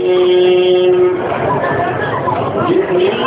الرحيم بسم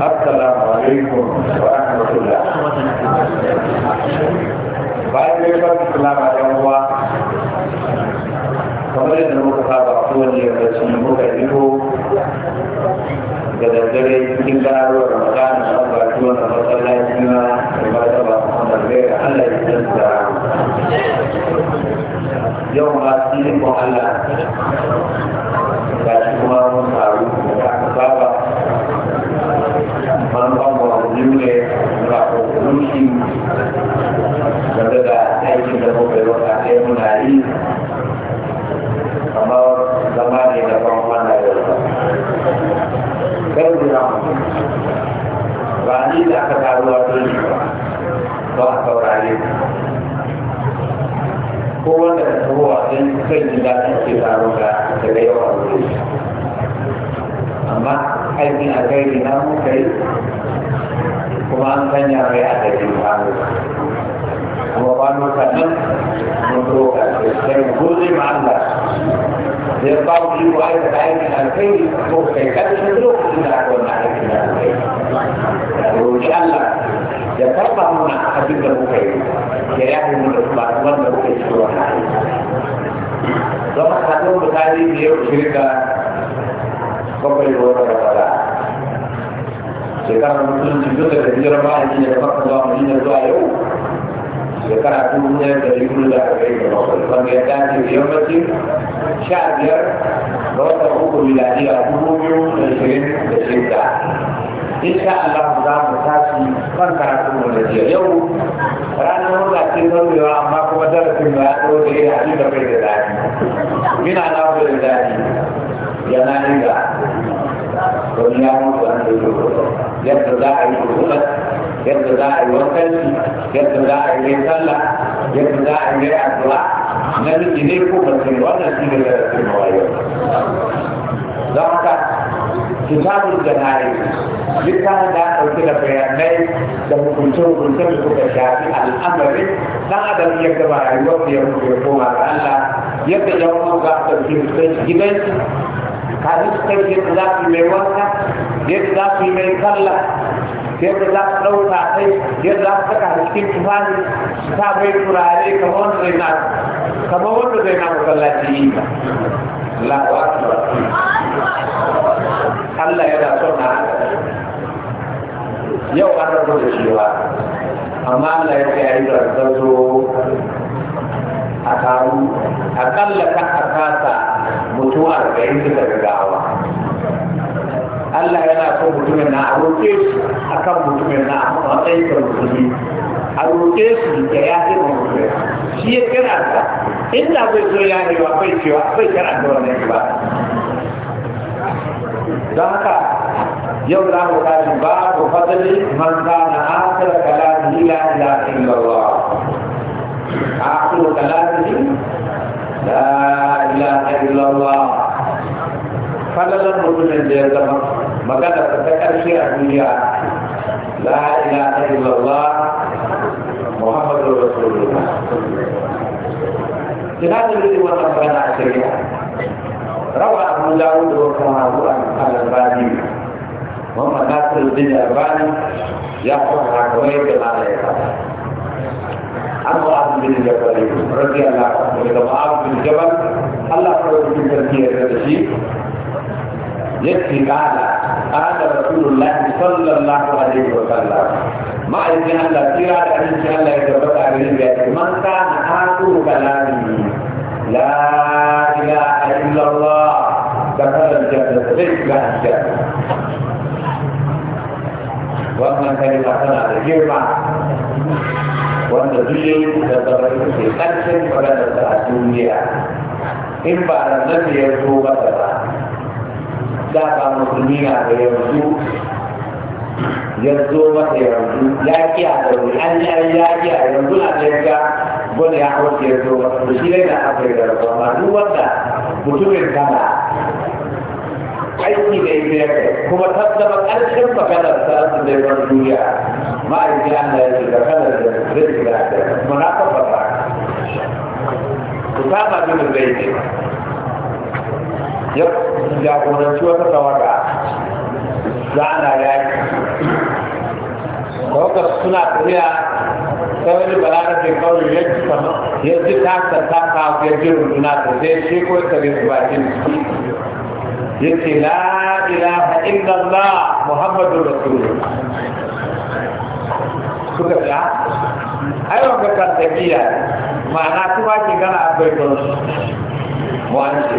assalamu alaikum wa rahmatullah bayan da ya fara islama da uwa kamar yadda muka saba a kowane yau shi muka ido da daddare cikin garuwa kemangkanya ada di mana? Bukan makanan, bukan sesuatu yang boleh makan. Jadi kalau dia ada dayang nanti, bukan kerana itu kita akan naik nanti. Rujuklah. Jadi kalau kamu nak hati terbuka, jaya untuk bantuan terbuka seluruh hari. Jadi satu berkali dia cerita kepada orang orang. shekara musulunci duka da biyar bayan shi da maka zuwa madina zuwa yau shekara dubu ne da yuhu da aka yi da bakwai wanda ya dace da yammacin sha biyar ga watan uku miladiya dubu biyu da shirin da shida insha Allah za mu tashi kan karatun mu da jiya yau ranar murna ce zaurewa amma kuma darasin ba ya zo da ya haɗu da kai da daɗi mina na da daɗi yana riga wani ya mutu an da yi yadda za a yi kusurar yadda za a yi wankanci yadda za a yi sallah yadda za a yi addu'a na miji ne ko mace wannan shi ne da rasu mawayo don haka kitabun janari littafin da aka ɗauki da bayanai da hukunce-hukunce da suka shafi al'amarin dan adam ya gaba rayuwar da ya mutu ya koma ga Allah yadda ya mutu za a ɗauki gidan shi kafin su kai za su mai wanka yadda za su yi mai sallah yadda za su ɗauka sai yadda za su saka da cikin tufafi su sa mai turare kamar wanda zai na kamar wanda zai na masallaci yi ba Allahu akbar Allah yana son na yau an rabu da cewa amma Allah ya ce da zazzazo a karu akalla ka a kasa mutuwa arba'in da gawa Allah yana so mutumin na a roƙe shi a kan mutumin na a matsayin da musulmi a roƙe shi da ya ce ma mutumin shi ya kira ta inda bai so ya ne ba bai cewa bai kira da wannan ba don haka yau za mu tashi babu fadali man kana akira kalamihi la ilaha illallah akira kalamihi la ilaha illallah falalar mutumin da ya zama magana ta ta ƙarshe a duniya la ilaha illallah muhammadu rasulullah ina da rufe wannan magana a shari'a rawa abu dawo da wasu hagu a al'albani muhammad nasir bin albani ya fara kamar yadda mala ya fara an mu'azu bin jabal radiyallahu anhu daga mu'azu bin jabal Allah ya rubuta tarbiyar da shi يكفي قال قال رسول الله صلى الله عليه وسلم ما يمكن أن لا ترى أن إن شاء الله يتبقى عليه من كان آخر كلامه لا إله إلا الله دخل الجنة رزق الجنة وأما كلمة سنة الجرمة وأن الدين تضرر في قلب ولا تضرر الدنيا إن بعد النبي يتوب تضرر da ba musulmi na da yanzu ya zo masa yanzu ya ki a dauri an yi ya ki a yanzu na da yanka gwada ya hauce ya zo masa da shi ne na afirka da rasuwa ma duk wanda mutumin kana aiki da ita ya kai kuma tattaba ƙarshen maganar sarrafa da yawan duniya ma'aikin Allah ya ce da kanar da rizki da ake muna tabbata ku kama bin zai ne ya jagoranci wata tawaga za ana yaki tawagar suna tafiya ta wani balaga ke kawai ya ji sama ya ji tasa ta kawo ya ji runduna ta zai shi ko ta bai su bakin ya ce la ilaha illallah muhammadu rasulullah suka ta ah, ai wa ka tafiya ma'ana kuma ki gana abai don mu ce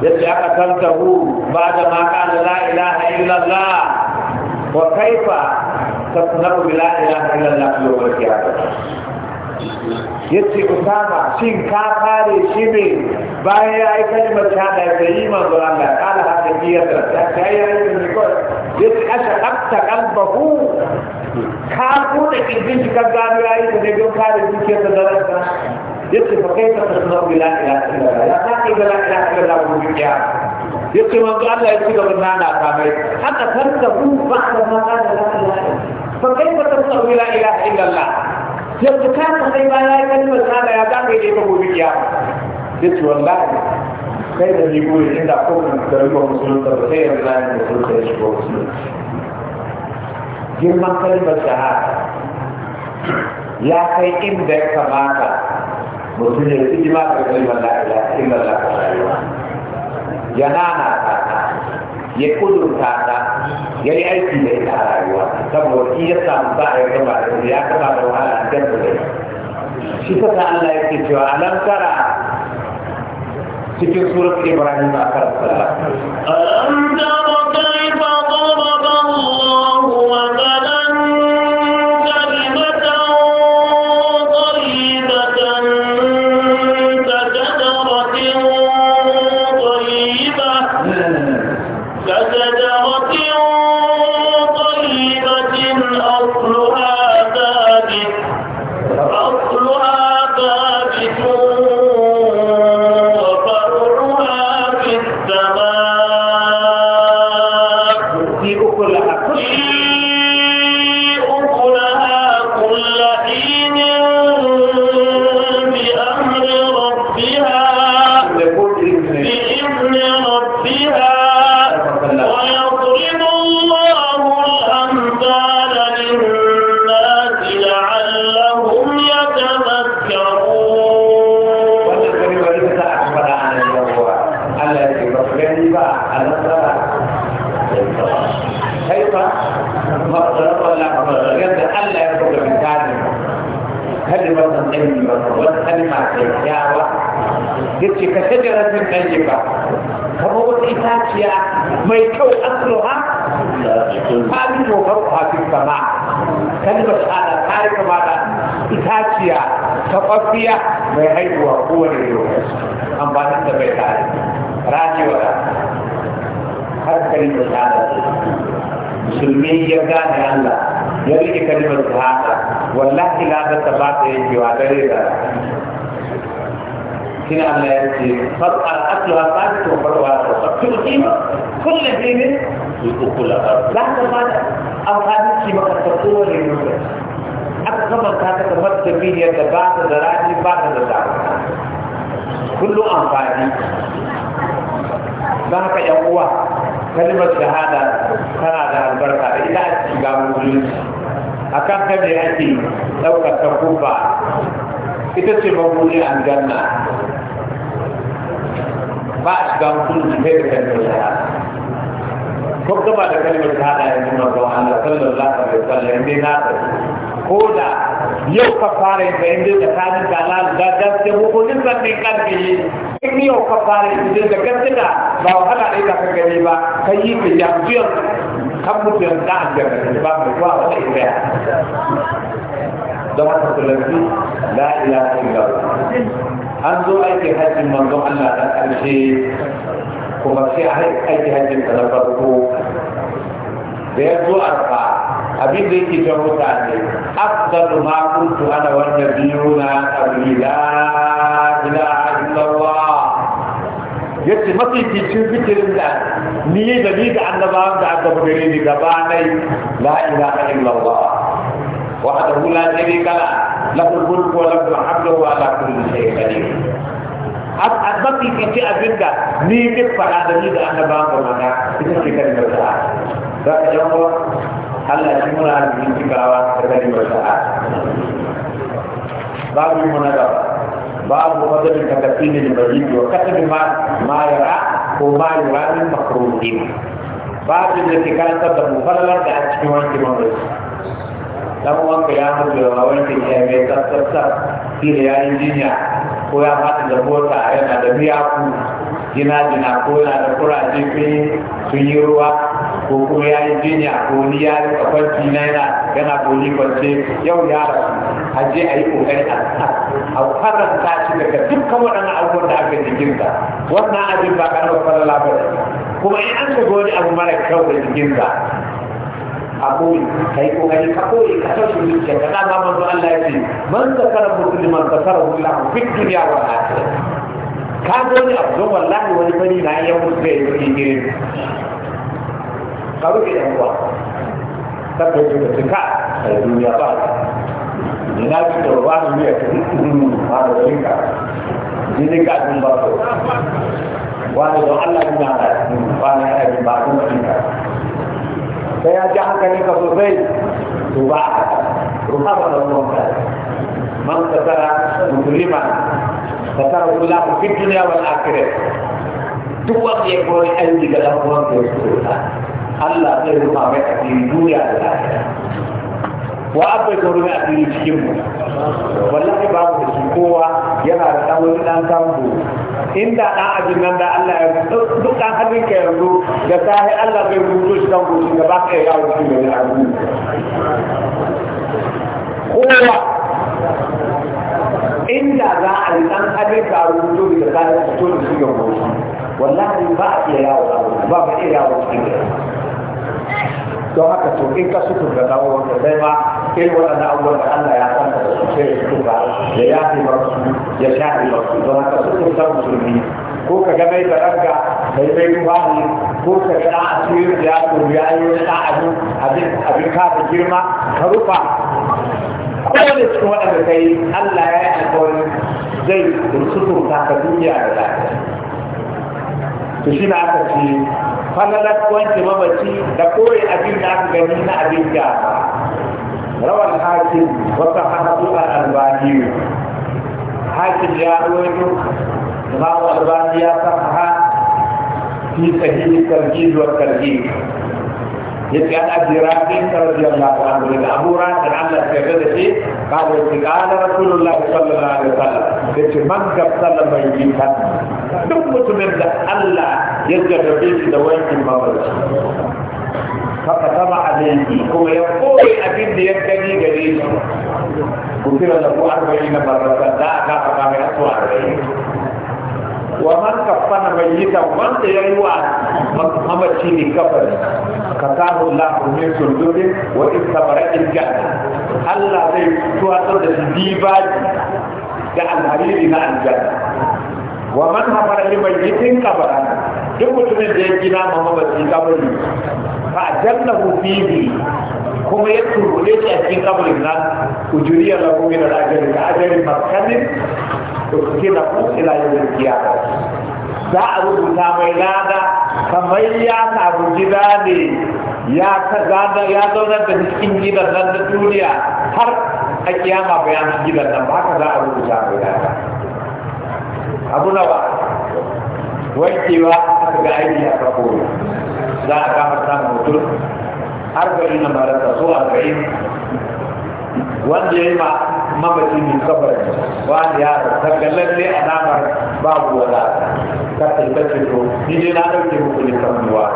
Yadda aka tantahu ba da kana la ilaha illa Allah wa kaifa tasnabu la ilaha illa Allah ba. qiyamah yace Usama shin ka kare shi ne bayan ya yi kalmar ta da yi manzo Allah kala hada biyar da ta yi ayyukan ne ko yace asha abta qalbahu ka bude kirjin ka gano yi ta don kare zuciyarsa da ransa yace fa kai ka tasna bi la ilaha ya ta kai la ilaha illallah ko biya yace manzo Allah ya ci gaba nana ta mai hatta tarka ku ba'da ma qala la ilaha fa kai ka tasna bi la ilaha illallah yanzu ka ta kai ba ya kalmar sada ya ta kai ne ko biya yace wallahi kai da ni goyi inda ko mun karɓa musulunta ba sai yanzu na musulunta ya shigo musulunta girman kalmar shahada ya kai inda ya kamata mutumin hidima ga kalmar la ilaha illallah ka rayuwa ya nana ta ya kudurta ta ya yi aiki da ita a rayuwa saboda shi ya samu ba a yi gaba da ya gaba da wahala a jan da shi ta ta Allah ya yake cewa alam tara cikin surat Ibrahim a karanta alam akwai haihuwa kowane lokaci amfanin da bai tare rajewa harkarin da tsada musulmi ya gane Allah ya rike kalimar shahada wallahi la da ta ba ta yake wa dare da shine Allah ya ce fas al aslu asatu farwa ta tuki kullu dini yuqula la ta ba da amfani ki maka ta kowane lokaci aka kama ta ta tabbata biyar da ba ta da ba ta da zaɓa kullum amfani don haka yan uwa kalimar shahada tana da albarka da ita a cikin gamun a kan kame ake ɗaukar ta kufa ita ce mabuni an ganna ba a shiga mutum jikai da da shahada ko gaba da kalimar shahada yanzu mazan Allah sallallahu alaihi wasallam dai na ko da yau ka fara yin bayan da tsakanin dalal da gaske hukumin sannin karfi in yau ka fara yin da gaske da ba wahala ne ka gani ba ka yi ka yanzu yanzu kan mutu yanzu da an gaba ba mai zuwa wata ibaya don haka kulanzu la an zo aikin hajjin manzon Allah da ƙarshe kuma sai a hajjin da na farko da ya zo arfa abin da yake ta mutane afdalu ma kuntu ana wanda biyu na ila illallah yace mafi cikin fikirin da ni da ni da annabawan da aka gare ni gaba nai la ilaha illallah وحده لا شريك له له الملك وله الحمد وهو على كل شيء قدير abbafi ce abin da ni duk fara da ni da annabawan gaba na ita ce kan da za ka yan Allah ya muna arzikin cikawa da gani wa sa'a babu muna da babu wajen da kafi ne da bari wa kasabi ma ma yara ko ma yara min makruhin babu da ke karanta da mufallalar da a cikin wanke mamaye dan wanka ya mutu da wanke ne mai tsatsatsar shi da ya jinya ko ya fata da mota yana da miyaku jina jina ko yana da kuraje sun yi ruwa ko kuma ya yi jini a koli ya yi kafar na yana yana koli kwance yau ya rasu a je a yi kokari a karanta shi daga dukkan waɗannan abubuwan da aka jikinsa wannan abin ba ƙarfa falala ba kuma in an shiga wani abu mara kyau da jikinsa أقول أي ka rufe yan uwa kar ka yi ka ka a duniya ba ina ji da ba ni ne ka ba da ba Allah ina da wani ana bin ba kuma jinka sai ya ji hankali ka sosai to ba ruha ba da ruwanka man satara musulima satara Allah fi dunya wal akhirah duk wanda ya koyi aiki ga dan da ya so Allah zai rufa mai asiri duniya da lafiya wa abai ko rufe asiri cikin mu wallahi babu da shi kowa yana da dan wani dan samu inda ɗan abin nan da Allah ya duk dan hannun ka yanzu da sahi Allah zai rubuto shi dan gudu da ba ka yi yawo cikin da abu kowa inda za a yi ɗan hannun ka rubuto da sahi a fito da shi wallahi ba a iya yawo ba ba iya yawo cikin da don haka to in ka sutu ga dawo wanda sai ma irin waɗannan abubuwan da Allah ya san da su sai ya fi ba ya sha masu ya su don haka sutu su musulmi ko ka ga mai da ranka mai mai ne, ko ka ga a cikin ya turu ya yi wani ɗan abin abin kafa girma ka rufa kowane cikin waɗanda kai Allah ya yi alkawarin zai suturta ka duniya da lafiya to shi na aka ce falalar kwanci mabaci da koyi abin da aka gani na abin da rawar hakim wata hasu a albaniyu hakim ya rawaito imamu albani ya ha fi sahihi tarjid wa tarjid yace an abi rafi radiyallahu anhu da abu rafi Allah ya gada shi da shi ce kana rasulullahi sallallahu alaihi wasallam da ce man da mai yi kan duk mutumin da Allah ya jarrabe shi da wankin mawarci haka sama a alaihi kuma ya koyi abin da ya gani gare shi kutira da ku arba'in na barasa da aka faɗa mai asu arba'in wa man kafa mai yi mayyitan wanda ya yi wa mamaci ne kafari ka samu lahu min sunduri wa in sabara in Allah zai tuwatar da shi dibaji da alhariri na aljanna wa man hafara li mayyitin qabara duk mutumin da ya gina ma mabaci kabari fa ajallahu fihi kuma ya turbule shi a cikin kabarin nan ujuriya lahu min al-ajri ajri makanin to ke na ku ila yawm qiyamah za a rubuta mai lada kamar ya samu gida ne ya zaunar da cikin gidan nan da duniya har a kiyama bayanin gidan nan ba haka za a rubuta a bayyana abu na ba wankewa aka ga aiki a kafo za a kama samun mutum har gari na marasa so gari wanda ya yi ma mamacin min kabar wanda ya rasa lalle alamar babu wala ta tattace to ni dai na dauke muku ne kan duwa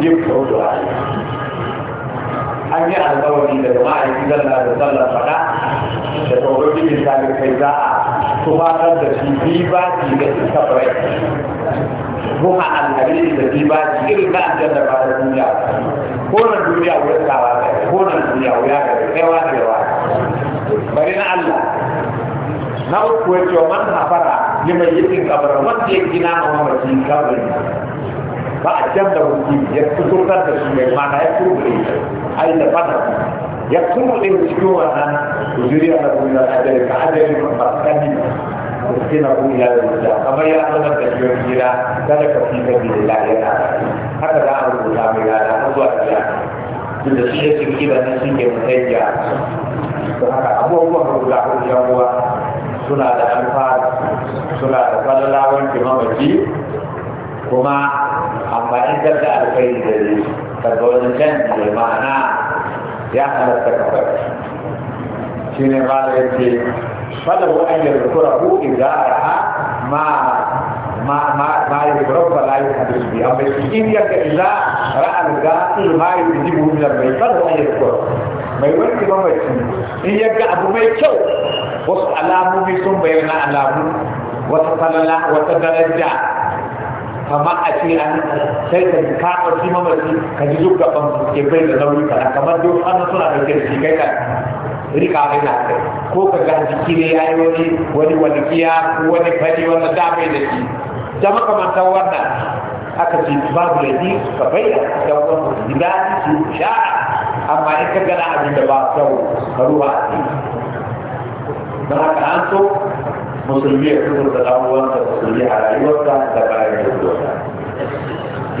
yin kawo da an yi alkawari da ma'aikin zalla da sallar fada da tsoron misali kai za a tufatar da shi bibaji da iskafirai kuma alhari da bibaji irin na aljanna ba fara duniya ko na duniya wuya kawa ko na duniya wuya ga kaiwa da yawa bari na allah na uku ya ce man hafara liman yakin kabarin wanda ya gina a mamacin kabarin ba a can da wuce ya fito da shi mai mana ya kurbure أي تفتح يقسم الإنسان وزريعه من الأجل كعجل مفرقه يسكنه إلى الوجه كما يعلم التشبيه إلى ذلك في سبيل الله يلا هكذا أمر الله من هذا أبو أبيان tunda shi ya cikin da nan shi ke mutayya don haka abubuwan guda hudu yan uwa suna da alfahari suna da falala wanke mamaci كما أما إذا جاء الخير الذي فدول الجنة بمعنى يحل التكفر شين قال يجي فله أن يذكره إذا رأى ما ما ما ما يضرب ولا يحدث به أما الشيء يك إلا رأى القاتل ما يجيبه من البيت فله أن يذكره ما يقول كما ما يشين يك أبو ما يشوا وصلى الله بسم بيننا الله وصلى الله وتدرج kamar a ce an sai ka ka ɗauki mamaci ka ji duk gaban ke bai da nauyi kana kamar duk an suna da ke shi kai ka rika mai na kai ko ka ga jiki ne ya yi wani wani walƙiya ko wani fari wanda da bai da shi da ta wannan aka ce babu laifi ka bai da wani gida shi sha'a amma in ka gana abin da ba kyau ka ruwa a ce. don haka an so musulmi ya kuma da abubuwan da musulmi a rayuwarsa da bayan rayuwarsa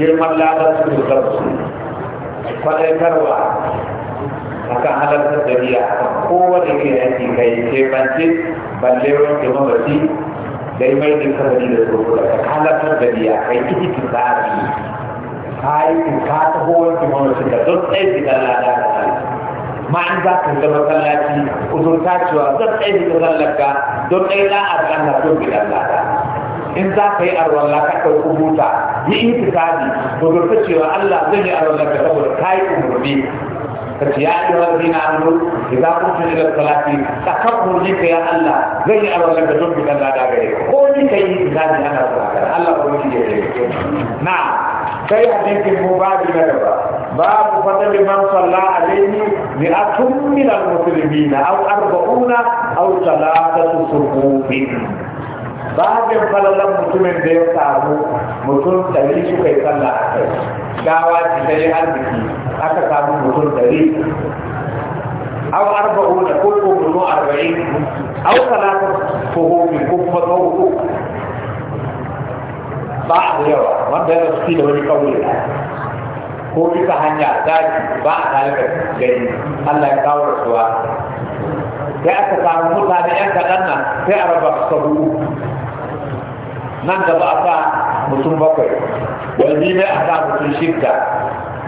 girman ladar su da kansu karwa a kan halartar da biya a kan kowane ke yanki kai kebance balle wani jama'a da yi mai da kamari da A ka halartar da biya kai kiki tsari kai ka taho wani jama'a da don tsaye da lada da ma an za ka zama masallaci uzurta cewa zan tsaye da lakka don ɗaya za a ga na don bidan lada in za ka yi a arwallah ka ɗauki buta yi intikali uzurta cewa Allah zan yi a arwallah ka saboda ka yi umarni ka ci ya ɗaya wani na hannu za ku ci da salati ka kan ne ka ya Allah zan yi a ruwan laka don bidan lada gare ko ni ka yi intikali ana zuwa Allah ko ni ya yi na sai a mu babu na gaba باب فضل من صلى عليه مئة من المسلمين أو أربعون أو ثلاثة صفوف باب فضل مسلم ديو تابو مسلم تليش كي صلى عليه جاوات شيئا بكي أكا تابو مسلم تليش أو أربعون كل من أربعين أو ثلاثة صفوف كفة أو كفة بعض يوم ما بين السيد والقول ko bisa hanya zaki ba a tare da gani Allah ya kawo rasuwa sai aka samu mutane yan kaɗan nan sai a raba sabu nan gaba a sa mutum bakwai wani mai a sa mutum shidda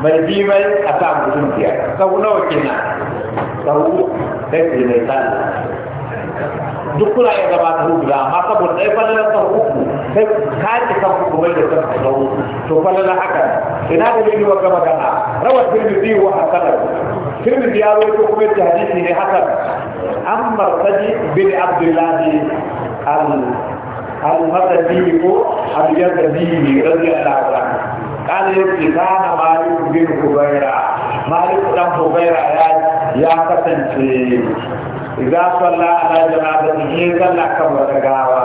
mai bi mai a sa mutum biyar sabu nawa kenan sabu sai su mai sa duk kuna iya gaba rubuta? amma saboda ɗaya fadalar sabu uku sai ka ci kan kuma da kan hajawu to falala haka ina da yin wa gama gana rawar tirmidhi wa hasan tirmidhi ya rawaito kuma ta hadisi ne hasan an martaji bin abdullahi al al-madani ko al-yadani radiyallahu anhu kana yake kana malik bin hubaira malik dan hubaira ya ya kasance idan sallah ala janabati ne sallah kan wata gawa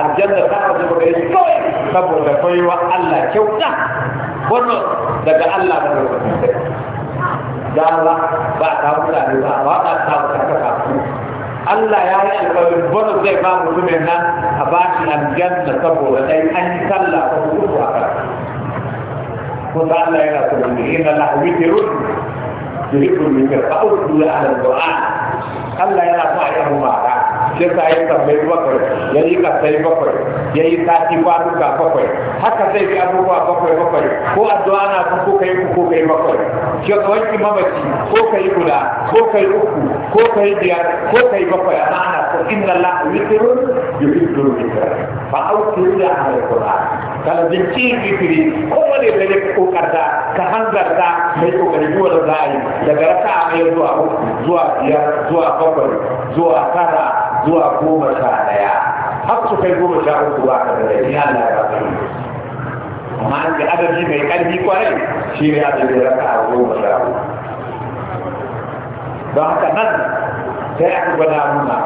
aljanna ta kasu daga gare kawai saboda baiwa Allah kyauta wannan daga Allah ne da Allah ba ta mutane ba ba ta ta mutane ba Allah ya yi alƙawarin bano zai ba mu mutumin nan a ba shi aljanna saboda ɗai an yi sallah ko kuku a kan kuma Allah yana so ne inna Allah witrun yuhibbul mutarfa'u ala zuwa dua Allah yana so a yi amma shi yasa ya sammai bakwai ya rika sai bakwai ya yi sati kwanuka bakwai haka zai bi abubuwa bakwai bakwai ko addu'a na kun ko kai uku ko kai bakwai ki wanki mamaci ko kai guda ko kai uku ko kai biyar ko kai bakwai amma ana ko inna allaha witrun yuhibbul witr fa ya da alquran kala binci witri ko wani da ko karta ka hanzarta mai kokari duwa da za'a yi daga raka a mai zuwa uku zuwa biyar zuwa bakwai zuwa tara zuwa goma sha daya har su kai goma sha uku ba ka da ya Allah ya rabu amma an ga adadi mai karfi kwarai shi ne adadi raka a goma sha uku don haka nan sai aka gwada nuna,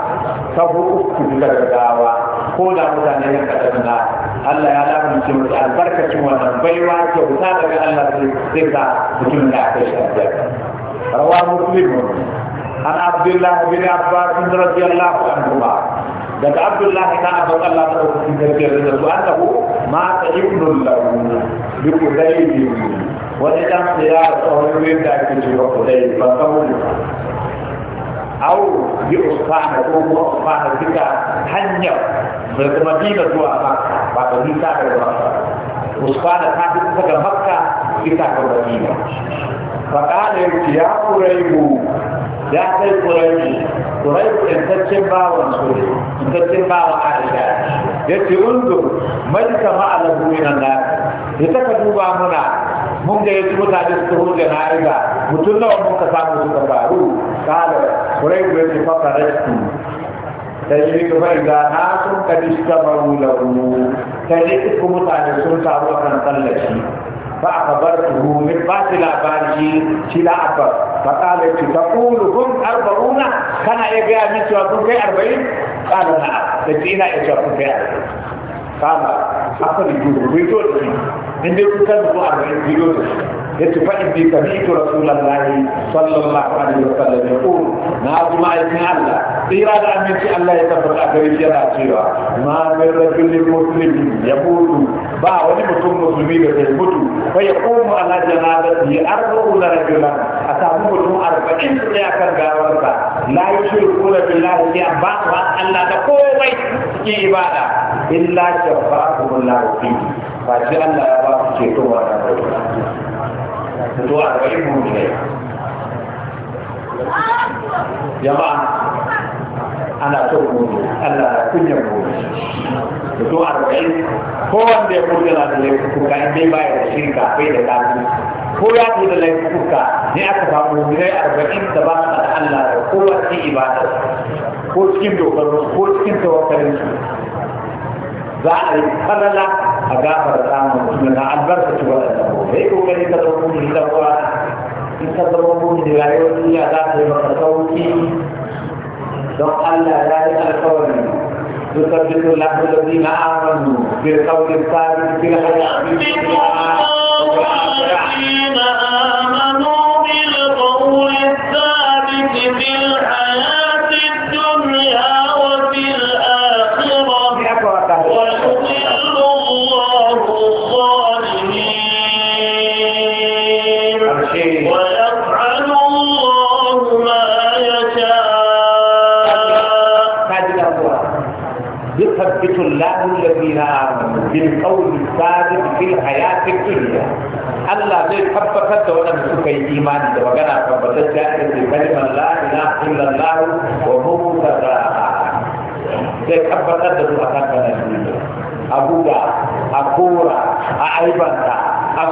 sabu uku da gawa ko da mutane ya kada na Allah ya mutum da albarkacin wannan baiwa wuta daga Allah zai sa mutum da aka shi aljanna rawa muslimun an abdullahi bin abbas radiyallahu anhu daga abdullahi na abin allah ta ɗauki garkiyar da su an tabu ma ta ibnun lahu bi kudaibi wani dan ya tsawon wurin da ake cewa kudaibi ba tsawon au bi usfana ko kuma usfana duka hanyar daga madina zuwa makka ba ta nisa daga makka usfana ta fi daga makka kita ke madina فقال يا قريب ya kai kuraishi kuraishi intaccen bawan su intaccen bawan aisha ya ce undu mai kama alahu minan nar ya taka duba muna mun ga yasu mutane su taho da na'iba mutum nawa mun ka samu suka faru kala kuraishi ya ce fakarashi tajiri kuma idan na sun kadi suka faru lahu tajiri kuma mutane sun samu akan tallafi فأخبرته من بعض الأبارجي شلا أكبر فقالت تقول هم أربعون كان يبيع من سواكم في أربعين قالوا نعم لتينا يسواكم في أربعين قال أخرجوا ويدوتي من دي كان أربعين ويدوتي yace fa inni sami'tu rasulullahi sallallahu alaihi wasallam yaqul na kuma aikin Allah tsira da aminci Allah ya tabbata a gare shi yana cewa ma min rajulin ya yamutu ba wani mutum musulmi da zai mutu fa yaqumu ala janazati arba'una rajulan a mu mutum arba'in su ne akan gawarsa la yushrikuna billahi ya ba ba Allah da komai ki ibada illa shafa'a Allah fi fa Allah ya ba su ceto wa da بتوع الرئيب هم جاي يا معا أنا تقول أنا كن يقول بتوع الرئيب هو أن يقول لنا اللي كوكا إن دي باية الشركة في لكاتي هو يقول لنا كوكا نأكد فأقول لنا أربعين تبقى أن الله قوة إبادة قول سكين دوكرو قول سكين توكرو ذلك فلا أغافر الآن من البركة والأدب kai kokari ka zama mun da kwana in ka zama mun da rayuwar duniya za ta yi maka ni, don Allah ya yi alkawari dukkan dukkan lafiya da zina amanu bil qawli sabit fil hayati dunya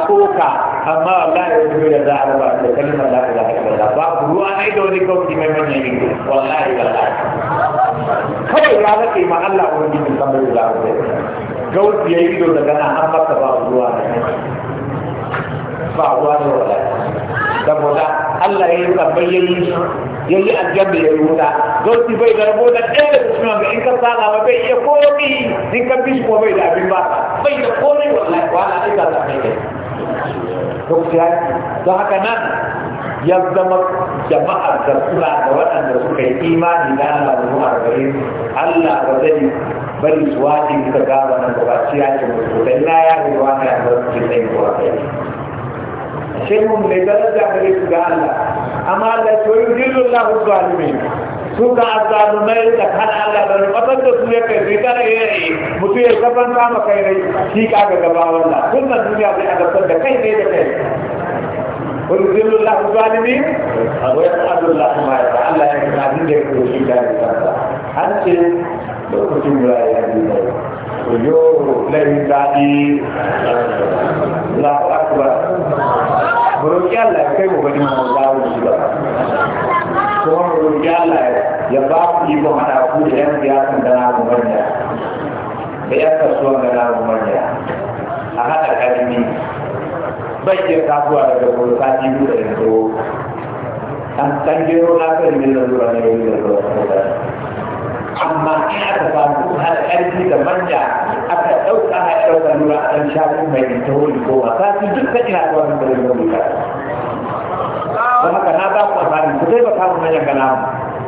soka amma wallahi wani da za a raba da kalmar la ilaha illallah babu ruwa ai da wani kauci mai manyan yin wallahi wallahi kawai ya zake ma Allah wani bin kamar da za gauci ya yi ido daga nan an maka babu ruwa da ba ruwa da wallahi saboda Allah ya yi sabbai ya yi ya yi aljanna ya yi wuta gauci bai da rabo da ɗaya da cikin wanda in ka sala ba bai iya komi in ka bishi ko bai da abin ba bai da komai wallahi wala ai ka same kai gaskiya don haka nan ya zama jama'ar da suna da waɗanda suka yi imani da Allah da zuwa gare Allah ba zai bari su wace bisa gaba nan ba ci ya ce musu da ina ya yi ko a kai shehun mai daraja gare su ga Allah amma Allah to yi dillu Allah suka azalumai da kan Allah da rubatar da su ya kai bai tara ya yi mutu ya gaban kama kai rai shi ka ga gaba wannan sunan duniya zai azabtar da kai ne da kai ويذل الله الظالمين ويسعد الله ما يفعل الله يكون عندك وشي لا يفعل أنت لو كنت لا يهدي وجو لا يدعي الله أكبر بروكي الله كيف بدي من ba. to wannan roƙi Allah ya ba ku ikon haɗa ku da yan siyasan da namu manya da yan kasuwan da na namu manya a haɗa ƙarfi bai iya kasuwa daga wani sati biyu da yanzu an san gero na kan yin da ne yin lalura amma in aka samu har ƙarfi da manya aka ɗauka haɗa ɗaukar lura a ɗan shafin mai ta wuri ko wasa duk kan ina kawai da lalura don haka na ba ku asali ku zai baka mun nan gana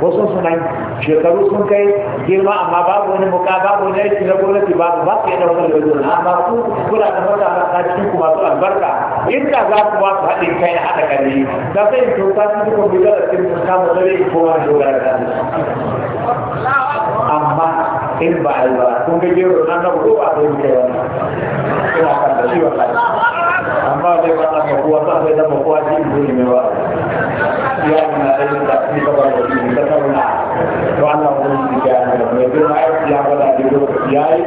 sun sunan shekaru sun kai girma amma babu wani muka babu wani aiki na gwamnati babu ba su yadda wani lura amma ku kula da cikin ku masu albarka inda za ku ba su haɗin kai na haɗa kare da sai in kyauta su duka mu da cikin mun samu zare ko wani dogara da amma in ba a yi ba kun ga gero na na ko ba sai mu kai wannan ina kan da shi wallahi amma zai ba ta kowa sai da kowa shi ne siyarna da yin da su gaba da su ta tauna to Allah wani su ga da mai girma ya gwada da yau ya yi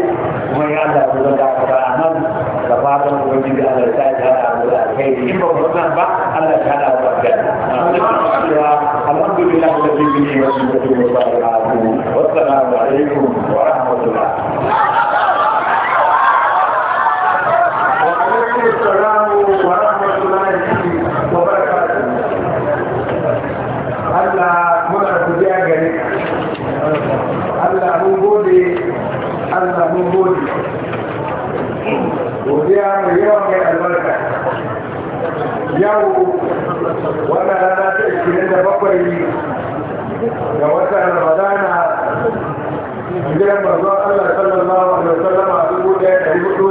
kuma ya Allah ku zanda ka ba nan da fatan ubangiji Allah ya ta ya da da kai in ba mu san ba Allah ya da da kai alhamdulillah da bi bi wa sallallahu alaihi wa sallam wa assalamu alaikum wa rahmatullah yau wannan rana ta 27 ga watan ramadana hijiran manzon Allah sallallahu alaihi wasallam a dubu ɗaya ɗari hudu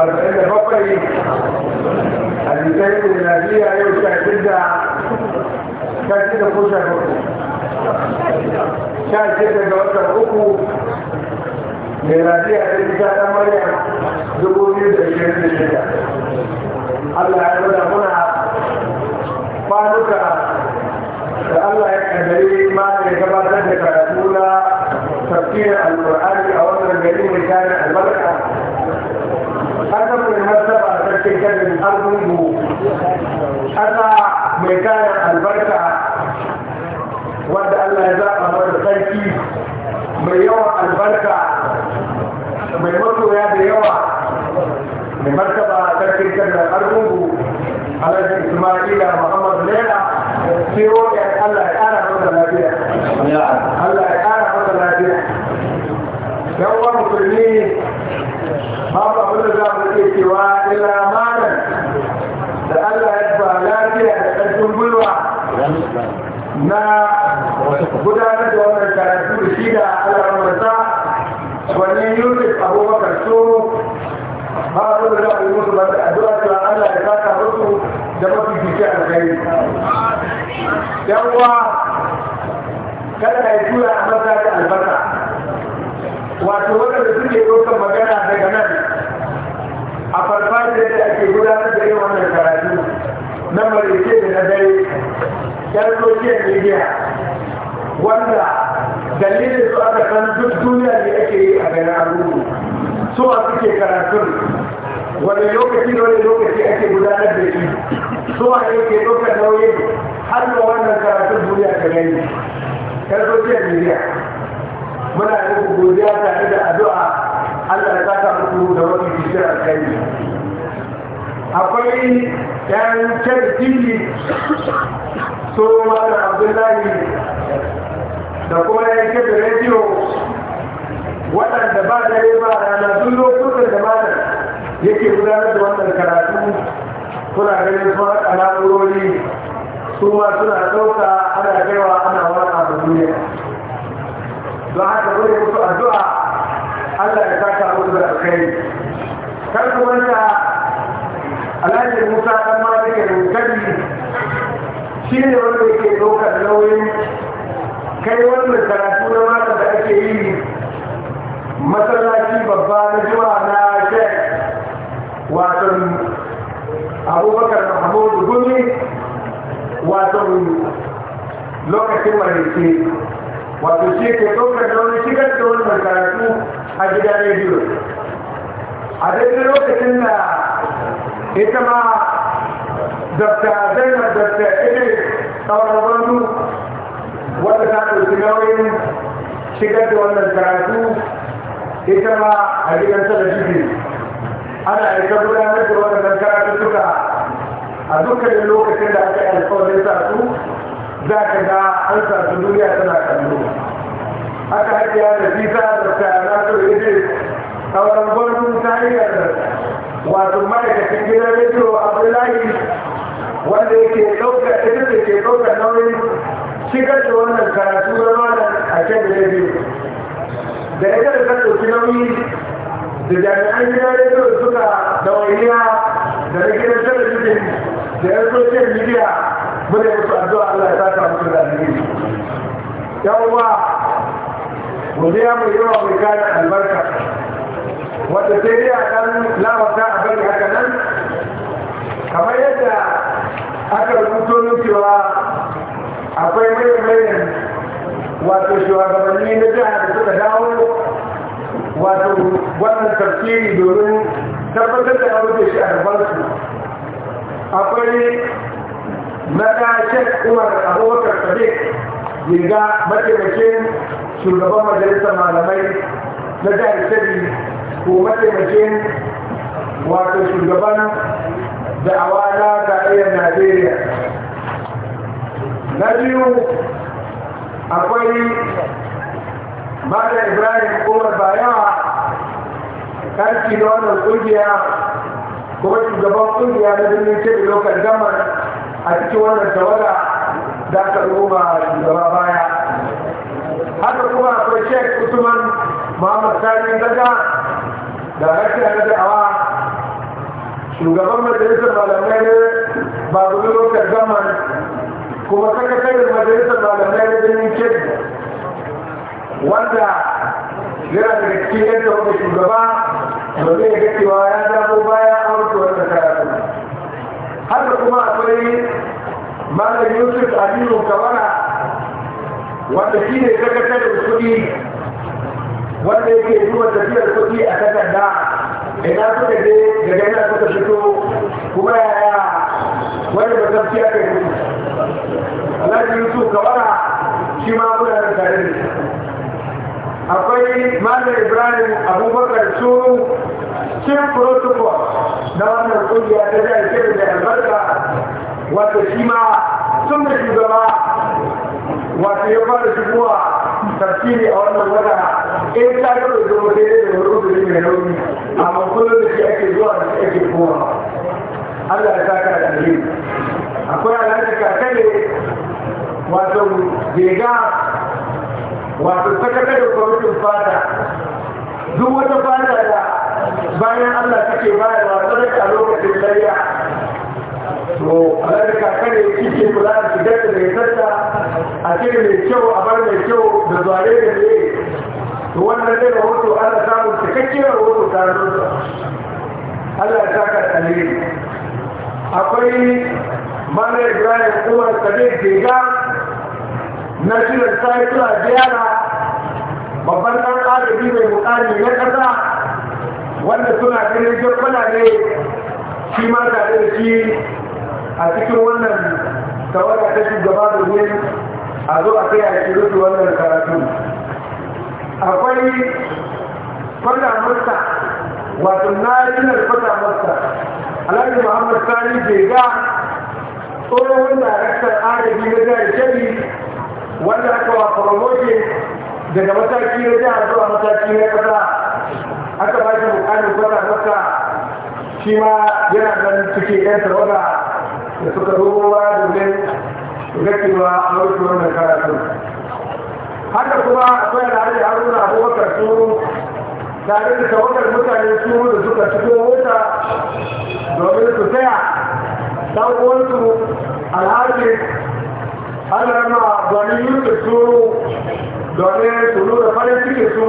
arba'in da bakwai a jikin miladiya yau sha shida sha shida ko sha hudu sha shida ga watan uku miladiya ta isa ɗan maryam dubu biyu da ishirin da shida Allah ya nuna muna kwanuka da Allah ya kaddari ma da gabatar da karatu na al alƙur'ani a wannan gari mai tare albarka an mai martaba sarkin al argungu Ana mai tare albarka wanda Allah ya zaba mata sarki mai yawan albarka mai masoya da yawa بمرتبة تركي كبير أرجوه على إسماعيل محمد ليلى في رؤية الله يقارع حتى لا بيع الله يقارع حتى لا بيع يوم مسلمين هذا هو الذي الاستواء إلى مالا لألا يدفع لا بيع لأجل بلوى na gudanar da wannan karatu da shi da al'amurta wannan yusuf abubakar tsoro har da za a yi musu ba da addu'a cewa Allah ya saka musu da mafi fice gari. yan uwa kada yi tura a maza da albasa wato waɗanda suke ɗaukar magana daga nan a farfajiyar da ake gudanar da yin wannan karatu na marike da na dare yan sosiyal wanda dalilin su aka san duk duniya ne ake yi a garin abubu suwa suke karatun wani lokaci da wani lokaci ake gudanar da shi a yau ke ɗaukar nauyin har da wannan karatun duniya ta gani ta sosiyar duniya muna muku godiya yi da addu'a Allah ya saka muku da wani bishiyar alkhairi akwai yan charity so malam abdullahi da kuma yan kebe rediyo waɗanda ba yi ba rana zo lokutan da malam yake gudanar da wannan karatu suna ganin sauran al'amurori su ma suna ɗauka ana kaiwa ana wata da duniya don haka zo musu addu'a Allah ya saka musu da alkhairi kar ku manta alhaji Musa dan Malik da mutadi shi ne wanda yake ɗaukar nauyin kai wannan karatu na mata da ake yi masallaci babba na jiwa na shek wato abubakar mahmudu gumi wato lokacin maraice wato shi ke ɗaukar da wani shigar da wani mai karatu a gidan rediyo a daidai lokacin da ita ma dr zainab dr idris tsawon wani wanda ta ɗauki nauyin shigar da wannan karatu ita ma a gidan talabijin ana aika gudanar da waɗannan tuka. a dukkanin lokacin da aka yi alkawarin da su za ka ga an sa duniya tana kallo aka ya da fita da tsayana su idris sauran gwamnatin tarihar wato ma'aikacin gidan rediyo abdullahi wanda yake ɗauka ita da ke ɗauka nauyin shigar da wannan karatu na malam a ya biyu? da ita da ta ɗauki nauyi da jami'an gida rediyo suka dawainiya da na talabijin da yan social media muna yi addu'a Allah ya saka musu da alheri yan godiya mai yawa mai gane albarka wanda sai dai a dan lawata a bari haka nan kamar yadda aka rubuto min cewa akwai mai wato shugabanni na jihar da suka dawo wato wannan tafsiri domin tabbatar da aure shi a gabansu akwai na kashin umar abubakar sadiq riga mataimakin shugaban majalisar malamai na jihar ko mataimakin wato shugaban da'awa na tarayyar najeriya na biyu akwai ba ibrahim umar bayawa karki da wannan kungiya kuma shugaban kungiya na birnin kebe lokacin gamar a cikin wannan tawada da aka roma shugaba baya haka kuma akwai shek usman muhammad sani daga da rakiya na da'awa shugaban majalisar malamai ne ba lokacin gamar kuma sakataren majalisar malamai na birnin ke. wanda yana da cikin yadda wani shugaba da zai ga cewa ya ko baya a wuce wanda Har haka kuma akwai malam yusuf aminu kamara wanda shi ne ta da kuɗi wanda yake duba tafiyar kuɗi a takarda ina suka je daga yana suka fito kuma yaya wani makamci aka yi alhaji yusuf kamara shi ma muna da tare da shi akwai malam ibrahim abubakar su cin protocol na wannan kungiya ta jihar kebbi da albarka wato shi ma sun da shugaba wato ya fara shigowa tafsiri a wannan wata in eh, ta yi da zama da da uzuri mai nauyi amma kullum da shi ake zuwa da shi ake kowa allah ya saka da alheri akwai alhaji kakale wato bega wato sakaka da kwamitin fata duk wata fata da bayan allah take bayarwa sadaka lokacin layya to alaika kare kike kula da shigar da mai sassa a cikin mai kyau a bar mai kyau da zuware da ne to wannan zai rahoto ana samun cikakken rahoto ta da allah ya saka alheri akwai mana ibrahim umar kabir na shirin sai kula ziyara babban ɗan ƙarfi mai mukami na ƙasa wanda suna ganin jirguna ne shi ma da shi a cikin wannan tawara ta shugaba da wuri a zo a kai a shi rufe wannan karatu akwai fada masta wato na yanar fada masta alhaji muhammad sani ga tsohon daraktar agaji na jari shari wanda aka wa promotion daga mataki na jihar zuwa mataki na kasa aka ba shi mukamin kwata kwata shi ma yana nan cikin yan tawaga da suka zo ba domin gakewa a wasu wannan karatu haka kuma akwai alhaji haruna abubakar su tare da tawagar mutane su da suka cikin mota domin su tsaya dan uwansu alhaji Allah ma domin yurka su domin su nuna farin ciki su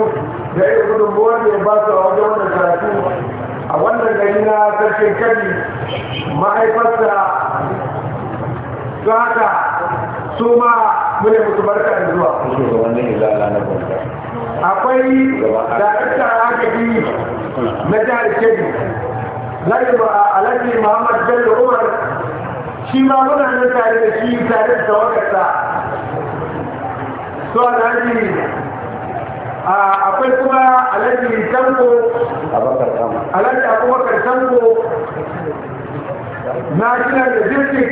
da ya gudun buwar da ya ba su a wajen wannan karatu a wannan gari na sarkin kaji mahaifarsa su haka su ma mune musu barka da zuwa akwai darakta hakiki na jihar kebbi na alhaji muhammad bello umar shi ma muna nan tare da shi tare da tawakarsa su alhaji akwai kuma alhaji tanko alhaji abubakar tanko na shina da jirgin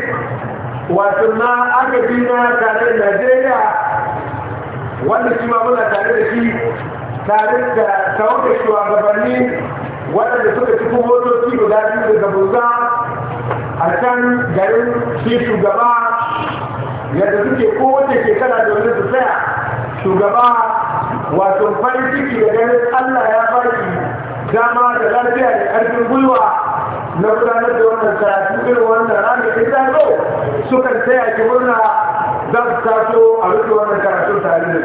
wato na agabi na tare da najeriya wanda shi ma muna tare da shi tare da tawakarsa shugabanni waɗanda suka cikin motoci da biyu daga buza a garin shi shugaba yadda suke kowace shekara domin su tsaya shugaba wato farin ciki da ganin allah ya farki dama da lafiya da ƙarfin gwiwa na gudanar da wannan karatu irin wannan ranar da ita zo sukan taya ki murna za su taso a rufe wannan karatu tare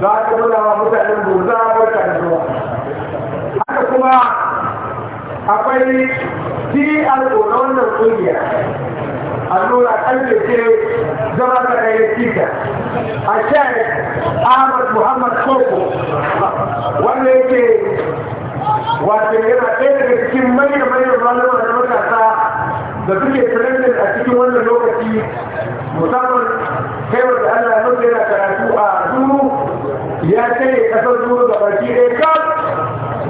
da su za ka nuna wa mutanen buza barka da zuwa haka kuma akwai dr na wannan kungiya allura kalli ce zama da ɗaya cika a shek ahmad muhammad koko wanda yake wato yana ɗaya daga cikin manyan manyan malama na matasa da suke trending a cikin wannan lokaci musamman kai wanda allah ya mutu yana karatu a duru ya ce kasar duru da baki ɗaya kaf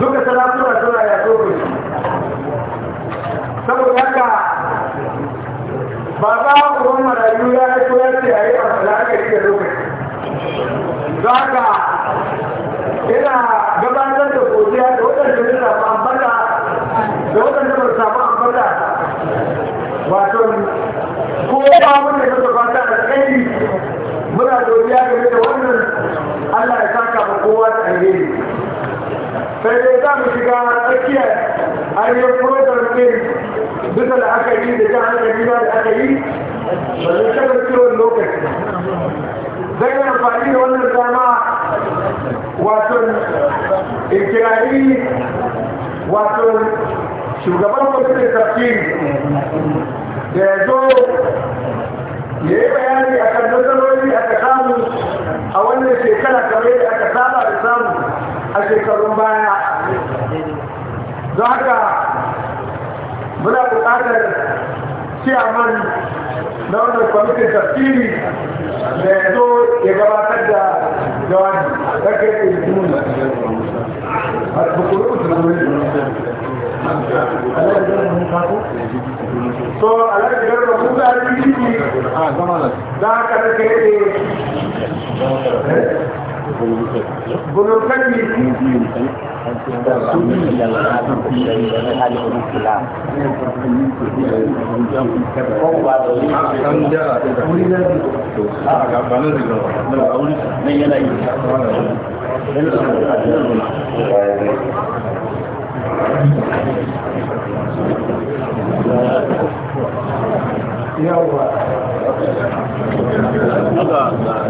duka sarakuna suna yaso saboda haka ba za ku wani marayu ya yi koyar ce a yi a aka yi da lokaci za ka ina gabatar da godiya da waɗanda suka samu ambata da waɗanda ba samu ambata wato ko ba mun da suka fata a kai muna godiya game da wannan Allah ya saka mu kowa da alheri sai dai za mu shiga tsakiyar a yi program din bisa da aka yi da jan hankali na da aka yi ba zai taɓa ciwon lokaci zai yi amfani da wannan dama wato ikirari wato shugaban kwamitin tafsiri da ya zo ya yi bayani a kan nazarori a tsakanin a wannan shekara kamar da aka saba da samu a shekarun baya don haka muna buƙatar ciyaman na wannan kwamitin tafsiri da ya zo ya gabatar da jawabi da ke ke a bukuru su so garba mun ah, za a yi za Gunung Kaji. Yawa. Haka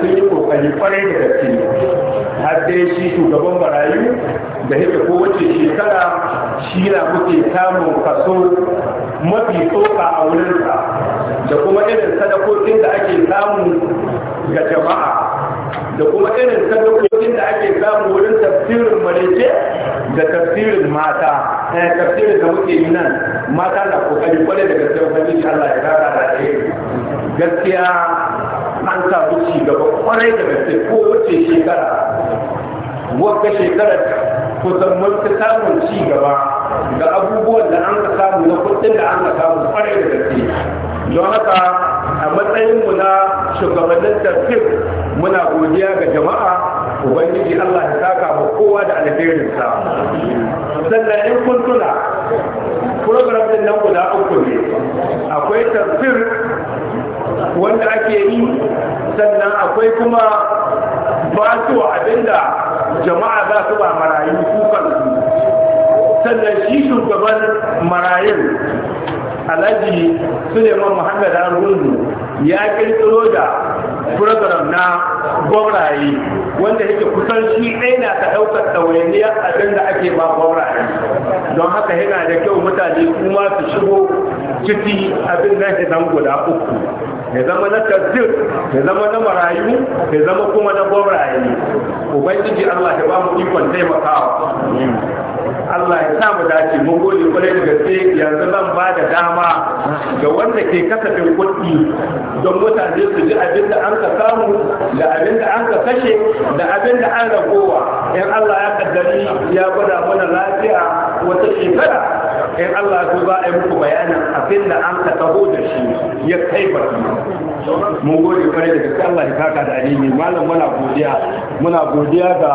sun yi kokari kwarai da gaske har dai shi shugaban marayu da haka kowace shekara shi na muke samun kaso mafi tsoka a wurinsa da kuma irin sadakokin da ake samu ga jama'a da kuma irin sadakokin da ake samu wurin tafsirin marece da tafsirin mata eh, tafsirin da muke yi nan mata na kokari kwarai da gaske ubangiji Allah ya kara da gaskiya an samu ci gaba kwarai da gaske ko wace shekara wata shekarar ku zama ta samun ci gaba ga abubuwan da an ka samu na kuɗin da an ka samu kwarai da gaske don haka a matsayinmu na shugabannin tafiya muna godiya ga jama'a ubangiji Allah ya saka ma kowa da alherinsa sannan in kun tuna program din nan guda uku ne akwai tafiya wanda ake yi sannan akwai kuma ba su abinda jama'a za su ba marayu kukan sannan shi shugaban marayun alhaji suleiman muhammad arhundu ya kirkiro da program na gwamraye wanda yake kusan shi ɗaya na ta ɗaukar ɗawainiyar abin da ake ba gwamnati, don haka yana da kyau mutane kuma su shigo kiti abin nan ya guda uku ya zama na tazir ya zama na marayu ya zama kuma na bai ubangiji Allah ya ba mu ikon taimakawa Allah ya sa mu dace mun gode kwarai da gaske yanzu zan ba da dama ga wanda ke kasafin kuɗi don mutane su ji abin da an ka samu da abin da an ka kashe da abin da an ragowa in Allah ya kaddari ya gwada mana lafiya wata shekara in Allah ya za a yi muku bayanin abin da an ka taho da shi ya kai baki mun gode kwarai da gaske Allah ya kaka da alimi malam muna godiya muna godiya ga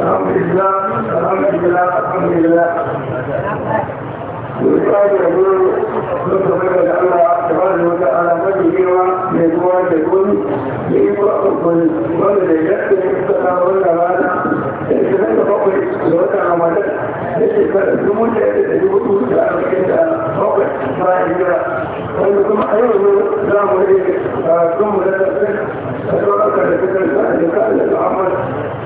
الحمد لله الحمد لله الحمد لله ويقال يقول نتفق الله سبحانه وتعالى مجيئا يقول يقول يقول ومن يجب يستطيع ولا مالا يستطيع فقر لوتا عمدا يستطيع يموت يجب يستطيع فقر فاهمة وأنكم أيضا لا مريد ثم لا تفكر أتوقع لفكرة العمل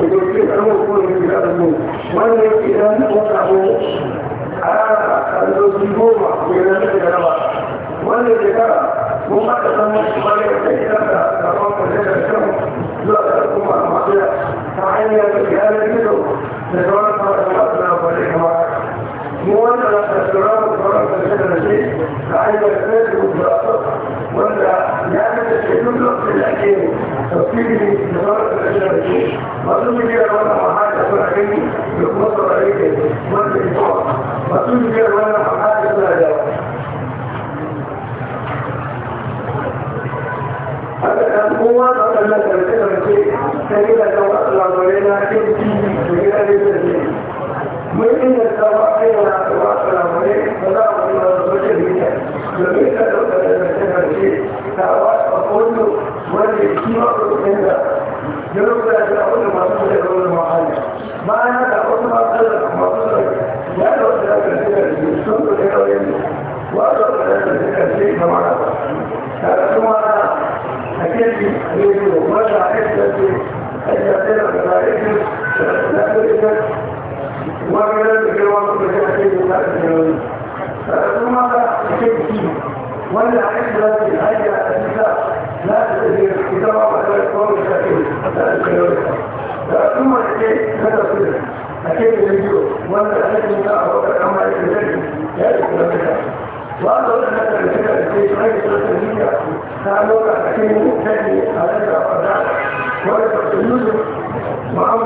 ويقول الأمر كله في هذا الموت والإنسان وقعه على الجمهور من الجمهور والذي كان مقدسا وليس إلا تروق ليلة الشمس لا تقوم المعصية فعين بهذا الجدو لتوقف المعصية وعليك معك مولى السلام والفرق الجنة الشيء فعين الناس والدراسة ولا لأن الشيء يطلق في الأكيد تصيبه لفرق الجنة وأظن كده لو أنا فرحان أقول عشاني يقوم نصر عليك ما أنت بتقع وأظن كده لو أنا فرحان ما يتذكر لا يتذكر وأنا أقول أن هذا الفكرة التي تغير التنمية تعالوا على كلمة ثانية على الأعداء ولا تقتلون وعمل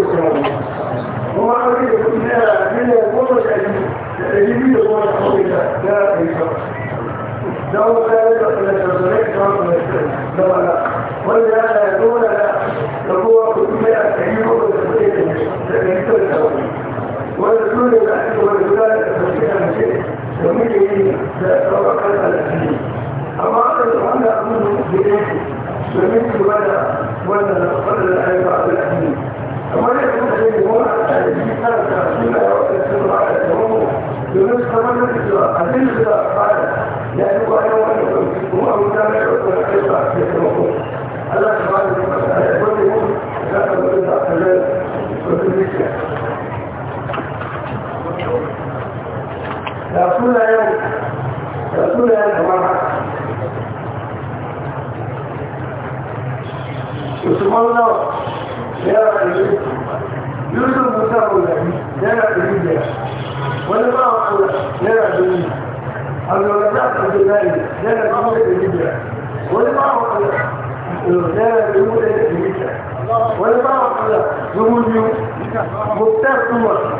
Israel think it's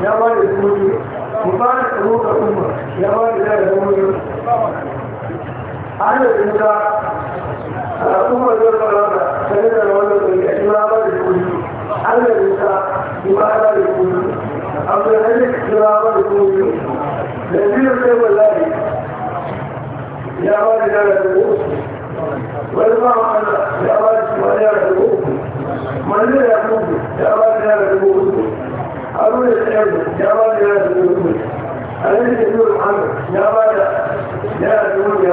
يا والد أمي مبارك أبوك أمك يا والد أمي أنا إذا أمة القرابة سنة الولد إمامة الكل أنا إذا إمامة الكل أبو الملك إمامة الكل نبي خير الله يا والد أمي والله أنا يا والد أمي من يعلم هارون الحمد يا رب يا يا ذنوبي أنت نور محمد يا رب يا ذنوبي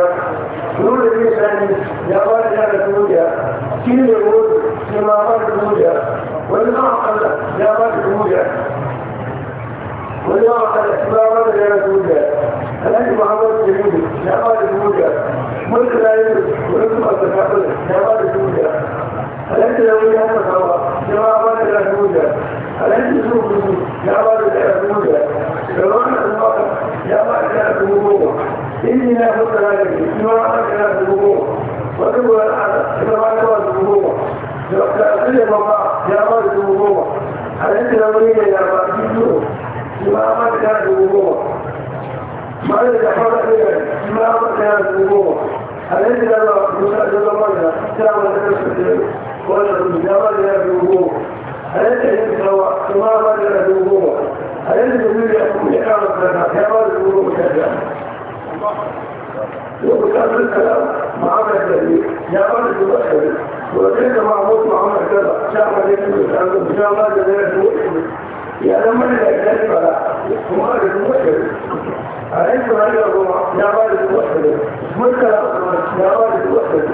نور الإنسان يا رب يا ذنوبي يا يقول لما رب ذنوبي ولما قال يا رب ذنوبي ولما قال ما رب يا ذنوبي أنت محمد ذنوبي يا رب يا ملك لا يملك ولكم أتكافل يا رب يا أنت لو يهمك الله يا رب ذنوبي فلن تشوف يا رب الأبوية فرعنا الفقر يا رب الأبوية إني لا فقر لك يا رب الأبوية وتبوى الأعلى يا رب الأبوية فأخذ الله يا رب الأبوية أنت لولينا يا رب الأبوية يا رب الأبوية ما الذي حرق لك يا رب الأبوية الذي لا يسأل الله يا رب الأبوية ولا تجاوز يا رب الأبوية هيجب سواء ما بدل الوضوء هيجب يجب إقامة الزكاة يرى الوضوء الزكاة وكان الكلام مع عمل الذي يقال المؤخر وكان معمول مع عمل كذا شعب الذي يتعلم شعب هذا لا يتوحد يعني من لا يتعلم فلا هو هذا المؤخر أعيش هذا هو يقال المؤخر ملكة يقال المؤخر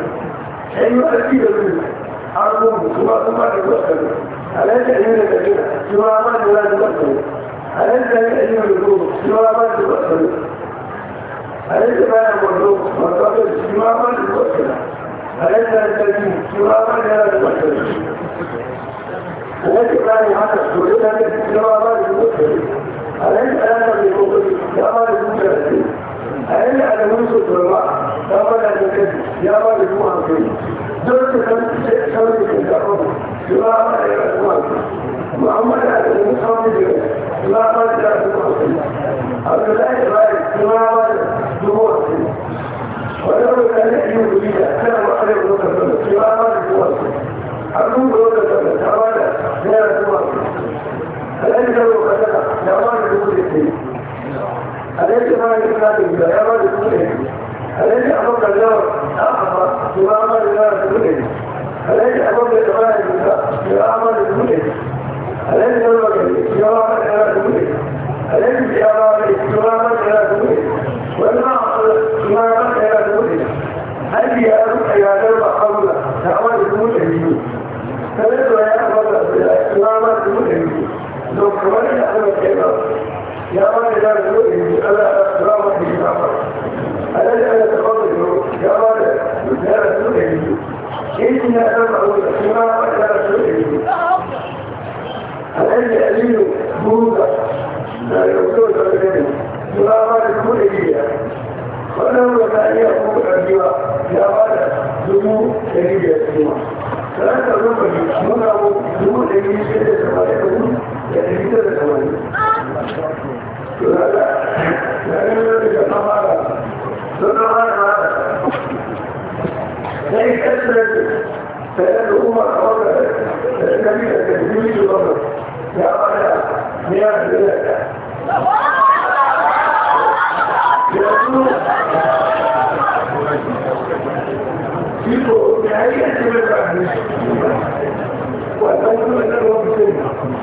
أي ما أكيد منه أعلم هو هذا المؤخر أليس أيون الأجنة سوى أمان ولا تبطل أليس أيون الأجنة سوى أمان تبطل أليس ما يمرضوك وتبطل سوى أمان تبطل أليس التجين سوى أمان ولا تبطل أليس ما يحدث سوى أمان تبطل أليس أنا بمقل يا أمان تبطل a yadda alamun su turba ta bada da kai ya ba da kuma hankali don su kan sauri kan zaɓa su ba ba da yawa kuma hankali muhammadu a cikin sauri da yawa su ba ba da yawa kuma hankali abdullahi ibrahim su ba ba da dubu hankali wani abu da ne yi wuri da kan ma'anar wata sauri su ba ba da kuma hankali abin da wata sauri ta ba da yawa kuma hankali alaikar wata sauri ya ba da أليس ما يكاد يا رجل أليس أمرك الله أعظم ولا أمر الله يقول أليس أمرك الله ولا أمر يقول أليس أمرك يا رب لا يقول أليس يا رب ولا أمر لا يقول ولا ما أمر لا يقول هل يا رب يا رب قولا تعمل يقول فلست يا رب ولا أعمال يقول لو كمان أمرك يا رب يا رجل لا تقول إن شاء الله لا رحمة الله الذي أنا تقول يا رجل لا تقول إنا إن أمره الأسماء لا تقول إن الذي أليل بوضع لا يوجد الذي لا تقول إن ولولا أن يقول الجواب يا رجل دموع تجد الدموع فلا تقول إن دموع تجد الدموع يجد الدموع يجد الدموع لكن كثرة فالأمة أولا النبي تجميل الأمر يا أولا يا بلاد يقول نهاية الأمر وأنتم من الوقت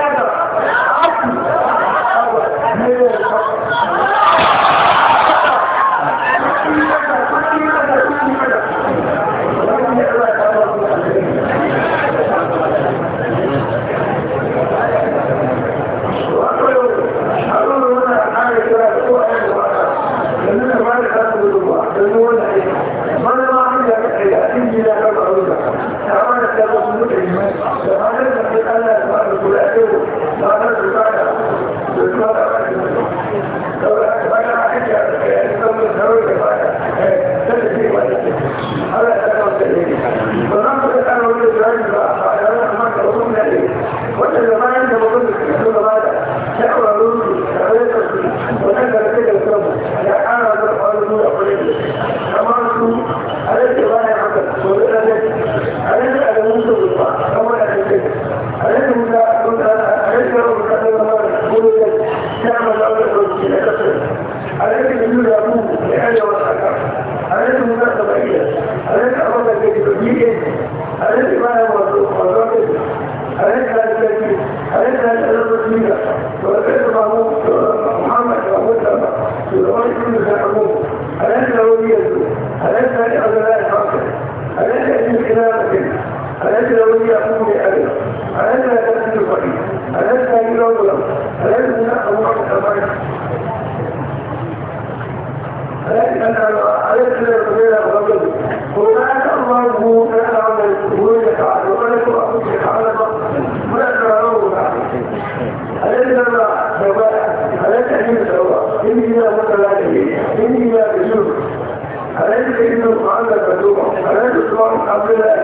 إني لا تتلاقي إني لا تجوز أليس إن القرآن لا تتوبة أليس الصلاة قبل لا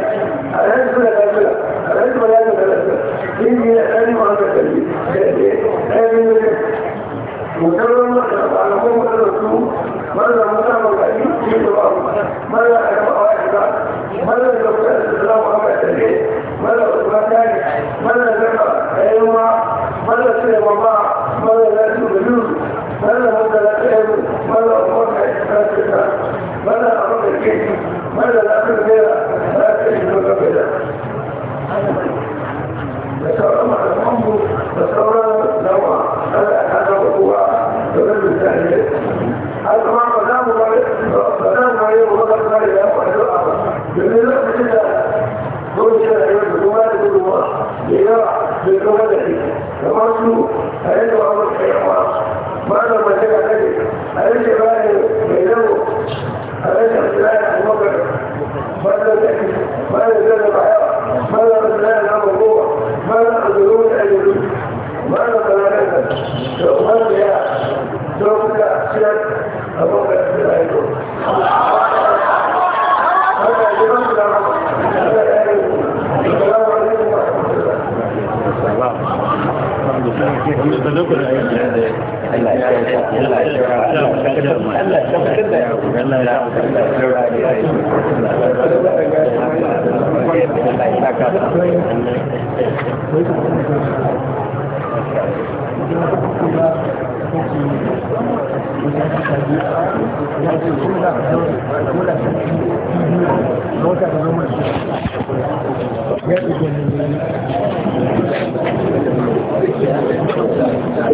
أليس لا تتلا أليس لا تتلا إني لا أعلم عن التجويد أمن لك مجرد ما تعلمون من الرسول ماذا مطعم الحديث في الأرض ماذا أجمع واحدا ماذا يقول الإسلام أما التجويد ماذا أسمع ثاني ماذا ذكر أيما ماذا سلم الله ماذا ماذا مدى الأكل ماذا أمر إحساسك ماذا أمر الكيس ماذا الأكل غير هذا الشيء Allah ya tabbatar da Allah ya tabbatar da Thank you.